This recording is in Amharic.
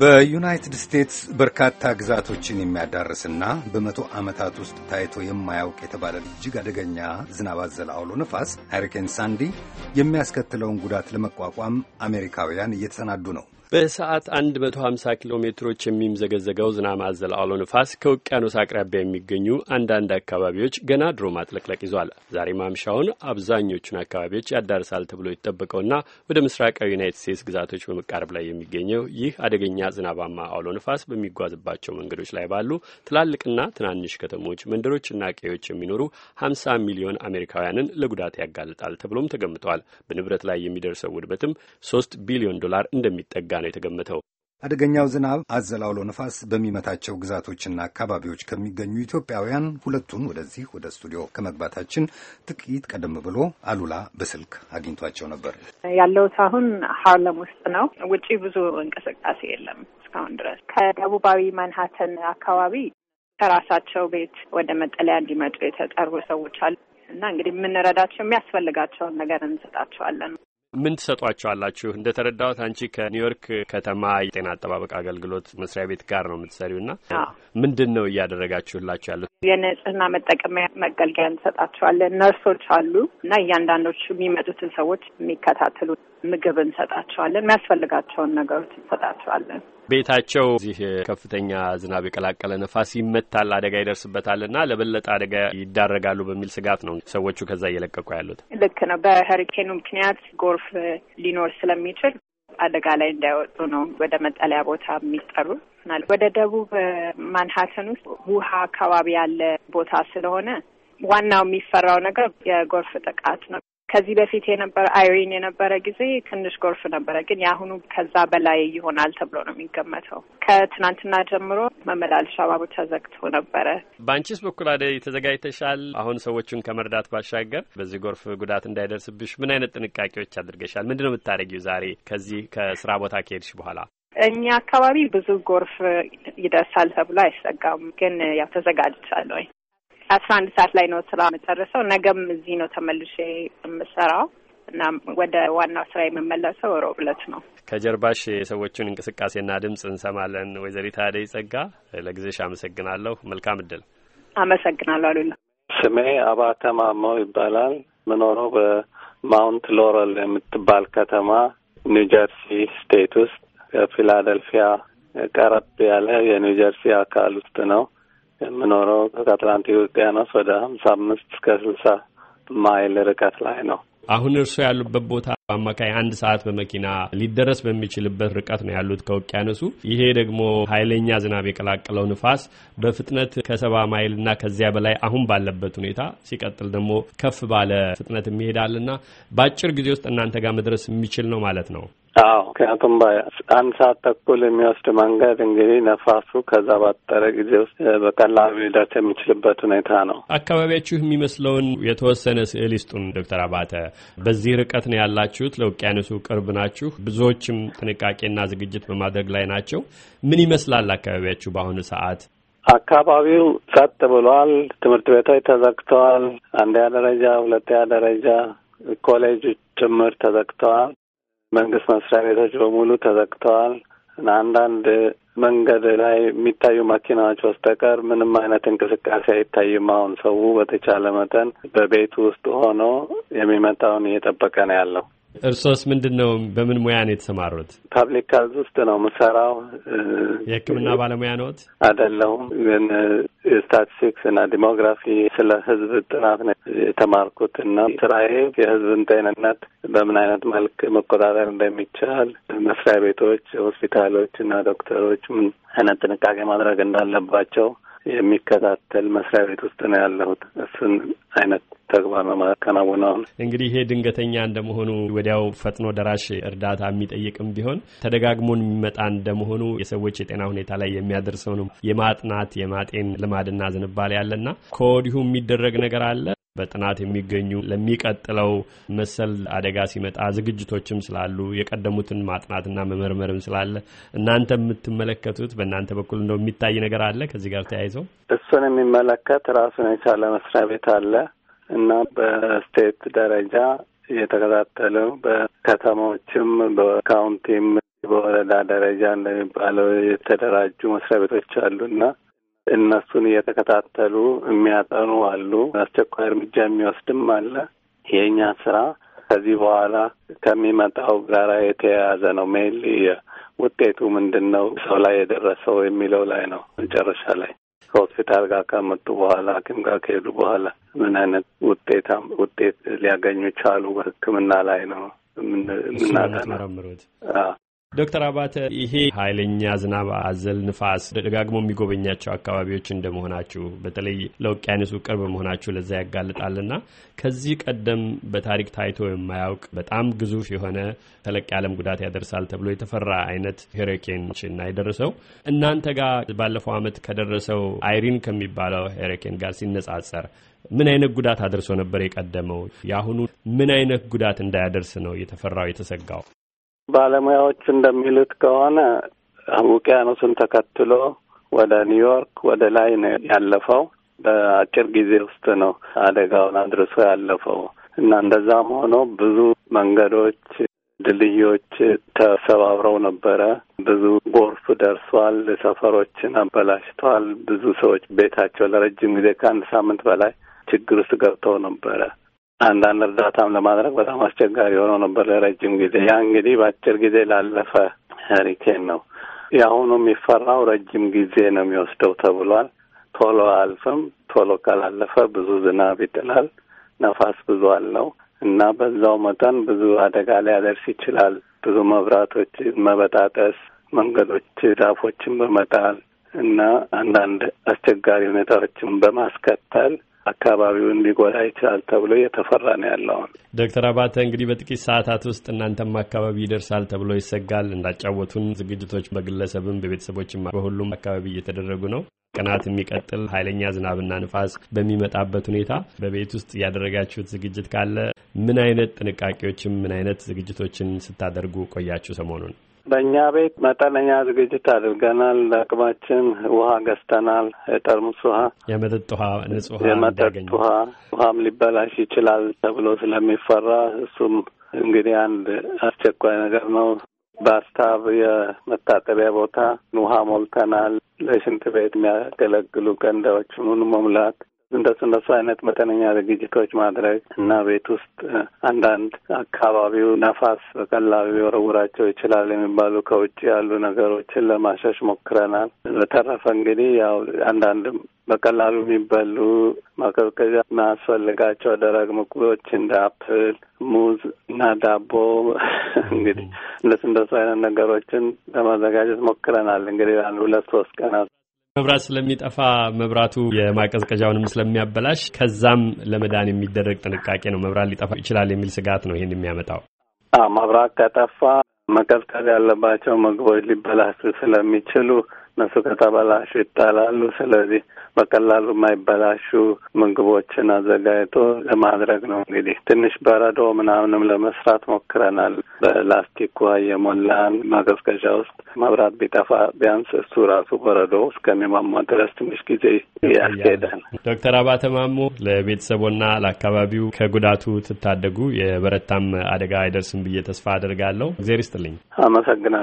በዩናይትድ ስቴትስ በርካታ ግዛቶችን የሚያዳርስና በመቶ ዓመታት ውስጥ ታይቶ የማያውቅ የተባለ እጅግ አደገኛ ዝናብ አዘል አውሎ ነፋስ ሃሪኬን ሳንዲ የሚያስከትለውን ጉዳት ለመቋቋም አሜሪካውያን እየተሰናዱ ነው። በሰዓት 150 ኪሎ ሜትሮች የሚምዘገዘገው ዝናብ አዘል አውሎ ንፋስ ከውቅያኖስ አቅራቢያ የሚገኙ አንዳንድ አካባቢዎች ገና ድሮ ማጥለቅለቅ ይዟል። ዛሬ ማምሻውን አብዛኞቹን አካባቢዎች ያዳርሳል ተብሎ የተጠበቀውና ወደ ምስራቃዊ ዩናይትድ ስቴትስ ግዛቶች በመቃረብ ላይ የሚገኘው ይህ አደገኛ ዝናባማ አውሎ ንፋስ በሚጓዝባቸው መንገዶች ላይ ባሉ ትላልቅና ትናንሽ ከተሞች፣ መንደሮችና ቀዮች የሚኖሩ 50 ሚሊዮን አሜሪካውያንን ለጉዳት ያጋልጣል ተብሎም ተገምተዋል። በንብረት ላይ የሚደርሰው ውድበትም 3 ቢሊዮን ዶላር እንደሚጠጋ ነው የተገመተው። አደገኛው ዝናብ አዘል አውሎ ነፋስ በሚመታቸው ግዛቶችና አካባቢዎች ከሚገኙ ኢትዮጵያውያን ሁለቱን ወደዚህ ወደ ስቱዲዮ ከመግባታችን ጥቂት ቀደም ብሎ አሉላ በስልክ አግኝቷቸው ነበር። ያለሁት አሁን ሀርለም ውስጥ ነው። ውጪ ብዙ እንቅስቃሴ የለም እስካሁን ድረስ። ከደቡባዊ ማንሃተን አካባቢ ከራሳቸው ቤት ወደ መጠለያ እንዲመጡ የተጠሩ ሰዎች አሉ እና እንግዲህ የምንረዳቸው የሚያስፈልጋቸውን ነገር እንሰጣቸዋለን። ምን ትሰጧቸዋላችሁ? እንደ ተረዳሁት አንቺ ከኒውዮርክ ከተማ የጤና አጠባበቅ አገልግሎት መስሪያ ቤት ጋር ነው የምትሰሪው እና ምንድን ነው እያደረጋችሁላቸው ያሉት? የንጽህና መጠቀሚያ መገልገያ እንሰጣቸዋለን። ነርሶች አሉ እና እያንዳንዶቹ የሚመጡትን ሰዎች የሚከታተሉ ምግብ እንሰጣቸዋለን። የሚያስፈልጋቸውን ነገሮች እንሰጣቸዋለን። ቤታቸው እዚህ ከፍተኛ ዝናብ የቀላቀለ ነፋስ ይመታል፣ አደጋ ይደርስበታልና ለበለጠ አደጋ ይዳረጋሉ በሚል ስጋት ነው ሰዎቹ ከዛ እየለቀቁ ያሉት። ልክ ነው። በሀሪኬኑ ምክንያት ጎርፍ ሊኖር ስለሚችል አደጋ ላይ እንዳይወጡ ነው ወደ መጠለያ ቦታ የሚጠሩ ወደ ደቡብ ማንሃተን ውስጥ ውሃ አካባቢ ያለ ቦታ ስለሆነ ዋናው የሚፈራው ነገር የጎርፍ ጥቃት ነው። ከዚህ በፊት የነበረ አይሪን የነበረ ጊዜ ትንሽ ጎርፍ ነበረ፣ ግን የአሁኑ ከዛ በላይ ይሆናል ተብሎ ነው የሚገመተው። ከትናንትና ጀምሮ መመላለሻ ባቡር ተዘግቶ ነበረ። በአንቺስ በኩል አደይ ተዘጋጅተሻል? አሁን ሰዎቹን ከመርዳት ባሻገር በዚህ ጎርፍ ጉዳት እንዳይደርስብሽ ምን አይነት ጥንቃቄዎች አድርገሻል? ምንድን ነው የምታደርጊው ዛሬ ከዚህ ከስራ ቦታ ከሄድሽ በኋላ? እኛ አካባቢ ብዙ ጎርፍ ይደርሳል ተብሎ አይሰጋም፣ ግን ያው ተዘጋጅቻለሁ። አስራ አንድ ሰዓት ላይ ነው ስራ የምጨርሰው። ነገም እዚህ ነው ተመልሼ የምሰራው እና ወደ ዋናው ስራ የምመለሰው ሮብ ዕለት ነው። ከጀርባሽ የሰዎቹን እንቅስቃሴና ድምጽ እንሰማለን። ወይዘሪት አደይ ጸጋ ለጊዜሽ አመሰግናለሁ። መልካም እድል። አመሰግናለሁ አሉላ። ስሜ አባተ ይባላል። ምኖረው በማውንት ሎረል የምትባል ከተማ ኒውጀርሲ ስቴት ውስጥ ፊላደልፊያ ቀረብ ያለ የኒውጀርሲ አካል ውስጥ ነው። የምኖረው ከአትላንቲክ ውቅያኖስ ወደ ሀምሳ አምስት እስከ ስልሳ ማይል ርቀት ላይ ነው። አሁን እርስዎ ያሉበት ቦታ በአማካይ አንድ ሰዓት በመኪና ሊደረስ በሚችልበት ርቀት ነው ያሉት ከውቅያኖሱ። ይሄ ደግሞ ኃይለኛ ዝናብ የቀላቀለው ንፋስ በፍጥነት ከሰባ ማይል እና ከዚያ በላይ አሁን ባለበት ሁኔታ ሲቀጥል ደግሞ ከፍ ባለ ፍጥነት የሚሄዳልና በአጭር ጊዜ ውስጥ እናንተ ጋር መድረስ የሚችል ነው ማለት ነው። አዎ ምክንያቱም አንድ ሰዓት ተኩል የሚወስድ መንገድ እንግዲህ ነፋሱ ከዛ ባጠረ ጊዜ ውስጥ በቀላሉ ሊደርስ የሚችልበት ሁኔታ ነው። አካባቢያችሁ የሚመስለውን የተወሰነ ስዕል ይስጡን ዶክተር አባተ። በዚህ ርቀት ነው ያላችሁት፣ ለውቅያኖሱ ቅርብ ናችሁ፣ ብዙዎችም ጥንቃቄና ዝግጅት በማድረግ ላይ ናቸው። ምን ይመስላል አካባቢያችሁ በአሁኑ ሰዓት? አካባቢው ጸጥ ብሏል። ትምህርት ቤቶች ተዘግተዋል። አንደኛ ደረጃ፣ ሁለተኛ ደረጃ ኮሌጆች ጭምር ተዘግተዋል። መንግስት መስሪያ ቤቶች በሙሉ ተዘግተዋል። አንዳንድ መንገድ ላይ የሚታዩ መኪናዎች በስተቀር ምንም አይነት እንቅስቃሴ አይታይም። አሁን ሰው በተቻለ መጠን በቤቱ ውስጥ ሆኖ የሚመጣውን እየጠበቀ ነው ያለው። እርሶስ ምንድን ነው? በምን ሙያ ነው የተሰማሩት? ፐብሊክ ሄልዝ ውስጥ ነው ምሰራው። የህክምና ባለሙያ ነዎት? አይደለሁም ግን ስታቲስቲክስ እና ዲሞግራፊ ስለ ህዝብ ጥናት ነው የተማርኩት እና ስራዬ የህዝብን ጤንነት በምን አይነት መልክ መቆጣጠር እንደሚቻል መስሪያ ቤቶች፣ ሆስፒታሎች እና ዶክተሮች ምን አይነት ጥንቃቄ ማድረግ እንዳለባቸው የሚከታተል መስሪያ ቤት ውስጥ ነው ያለሁት። እሱን አይነት ተግባር ነው ማከናወን። እንግዲህ ይሄ ድንገተኛ እንደመሆኑ ወዲያው ፈጥኖ ደራሽ እርዳታ የሚጠይቅም ቢሆን ተደጋግሞን የሚመጣ እንደመሆኑ የሰዎች የጤና ሁኔታ ላይ የሚያደርሰውንም የማጥናት የማጤን ልማድና ዝንባሌ ያለና ከወዲሁ የሚደረግ ነገር አለ። በጥናት የሚገኙ ለሚቀጥለው መሰል አደጋ ሲመጣ ዝግጅቶችም ስላሉ የቀደሙትን ማጥናትና መመርመርም ስላለ እናንተ የምትመለከቱት በእናንተ በኩል እንደው የሚታይ ነገር አለ ከዚህ ጋር ተያይዘው? እሱን የሚመለከት ራሱን የቻለ መስሪያ ቤት አለ እና በስቴት ደረጃ የተከታተለው በከተማዎችም በካውንቲም በወረዳ ደረጃ እንደሚባለው የተደራጁ መስሪያ ቤቶች አሉ እና እነሱን እየተከታተሉ የሚያጠኑ አሉ። አስቸኳይ እርምጃ የሚወስድም አለ። የእኛ ስራ ከዚህ በኋላ ከሚመጣው ጋራ የተያያዘ ነው። ሜል ውጤቱ ምንድን ነው ሰው ላይ የደረሰው የሚለው ላይ ነው። መጨረሻ ላይ ከሆስፒታል ጋር ከመጡ በኋላ ሐኪም ጋር ከሄዱ በኋላ ምን አይነት ውጤታ ውጤት ሊያገኙ ቻሉ በህክምና ላይ ነው የምናጠናው። ዶክተር አባተ ይሄ ኃይለኛ ዝናብ አዘል ንፋስ ደጋግሞ የሚጎበኛቸው አካባቢዎች እንደመሆናችሁ በተለይ ለውቅያኖሱ ቅርብ መሆናችሁ ለዛ ያጋልጣልና ከዚህ ቀደም በታሪክ ታይቶ የማያውቅ በጣም ግዙፍ የሆነ ተለቅ ያለም ጉዳት ያደርሳል ተብሎ የተፈራ አይነት ሄሪኬንና የደረሰው እናንተ ጋር ባለፈው ዓመት ከደረሰው አይሪን ከሚባለው ሄሪኬን ጋር ሲነጻጸር ምን አይነት ጉዳት አድርሶ ነበር የቀደመው? የአሁኑ ምን አይነት ጉዳት እንዳያደርስ ነው የተፈራው የተሰጋው? ባለሙያዎች እንደሚሉት ከሆነ ውቅያኖሱን ተከትሎ ወደ ኒውዮርክ ወደ ላይ ነው ያለፈው። በአጭር ጊዜ ውስጥ ነው አደጋውን አድርሶ ያለፈው እና እንደዛም ሆኖ ብዙ መንገዶች፣ ድልድዮች ተሰባብረው ነበረ። ብዙ ጎርፍ ደርሷል። ሰፈሮችን አበላሽቷል። ብዙ ሰዎች ቤታቸው ለረጅም ጊዜ ከአንድ ሳምንት በላይ ችግር ውስጥ ገብተው ነበረ። አንዳንድ እርዳታም ለማድረግ በጣም አስቸጋሪ ሆኖ ነበር ለረጅም ጊዜ። ያ እንግዲህ በአጭር ጊዜ ላለፈ ሀሪኬን ነው። የአሁኑ የሚፈራው ረጅም ጊዜ ነው የሚወስደው ተብሏል። ቶሎ አልፍም ቶሎ ካላለፈ ብዙ ዝናብ ይጥላል። ነፋስ ብዙ አለው እና በዛው መጠን ብዙ አደጋ ሊያደርስ ይችላል። ብዙ መብራቶች መበጣጠስ፣ መንገዶች ዛፎችን በመጣል እና አንዳንድ አስቸጋሪ ሁኔታዎችን በማስከተል አካባቢውን ሊጎዳ ይችላል ተብሎ እየተፈራ ነው ያለውን። ዶክተር አባተ እንግዲህ በጥቂት ሰዓታት ውስጥ እናንተም አካባቢ ይደርሳል ተብሎ ይሰጋል። እንዳጫወቱን ዝግጅቶች በግለሰብም በቤተሰቦችም በሁሉም አካባቢ እየተደረጉ ነው። ቀናት የሚቀጥል ኃይለኛ ዝናብና ንፋስ በሚመጣበት ሁኔታ በቤት ውስጥ እያደረጋችሁት ዝግጅት ካለ ምን አይነት ጥንቃቄዎችን ምን አይነት ዝግጅቶችን ስታደርጉ ቆያችሁ ሰሞኑን? በእኛ ቤት መጠነኛ ዝግጅት አድርገናል። አቅማችን ውሃ ገዝተናል። የጠርሙስ ውሃ፣ የመጠጥ ውሃ፣ ንጹህ ውሃ፣ የመጠጥ ውሃ ውሃም ሊበላሽ ይችላል ተብሎ ስለሚፈራ እሱም እንግዲህ አንድ አስቸኳይ ነገር ነው። ባስታብ የመታጠቢያ ቦታ ውሃ ሞልተናል። ለሽንት ቤት የሚያገለግሉ ገንዳዎች ሙሉ መሙላት እንደሱ እንደሱ አይነት መጠነኛ ዝግጅቶች ማድረግ እና ቤት ውስጥ አንዳንድ አካባቢው ነፋስ በቀላሉ ሊወረውራቸው ይችላል የሚባሉ ከውጭ ያሉ ነገሮችን ለማሸሽ ሞክረናል። በተረፈ እንግዲህ ያው አንዳንድም በቀላሉ የሚበሉ ማቀዝቀዣ የሚያስፈልጋቸው ደረቅ ምግቦች እንደ አፕል፣ ሙዝ እና ዳቦ እንግዲህ እንደሱ እንደሱ አይነት ነገሮችን ለማዘጋጀት ሞክረናል። እንግዲህ አንድ ሁለት ሶስት ቀናት መብራት ስለሚጠፋ መብራቱ የማቀዝቀዣውንም ስለሚያበላሽ ከዛም ለመዳን የሚደረግ ጥንቃቄ ነው። መብራት ሊጠፋ ይችላል የሚል ስጋት ነው ይህን የሚያመጣው። መብራት ከጠፋ መቀዝቀዝ ያለባቸው ምግቦች ሊበላሹ ስለሚችሉ እነሱ ከተበላሹ ይጣላሉ። ስለዚህ በቀላሉ የማይበላሹ ምግቦችን አዘጋጅቶ ለማድረግ ነው። እንግዲህ ትንሽ በረዶ ምናምንም ለመስራት ሞክረናል። በላስቲክ ውሃ የሞላን ማቀዝቀዣ ውስጥ መብራት ቢጠፋ ቢያንስ እሱ ራሱ በረዶ እስከሚሟሟ ድረስ ትንሽ ጊዜ ያስኬዳል። ዶክተር አባተ ማሞ ለቤተሰቦና ለአካባቢው ከጉዳቱ ትታደጉ የበረታም አደጋ አይደርስም ብዬ ተስፋ አደርጋለሁ። እግዜር ይስጥልኝ። አመሰግናለሁ።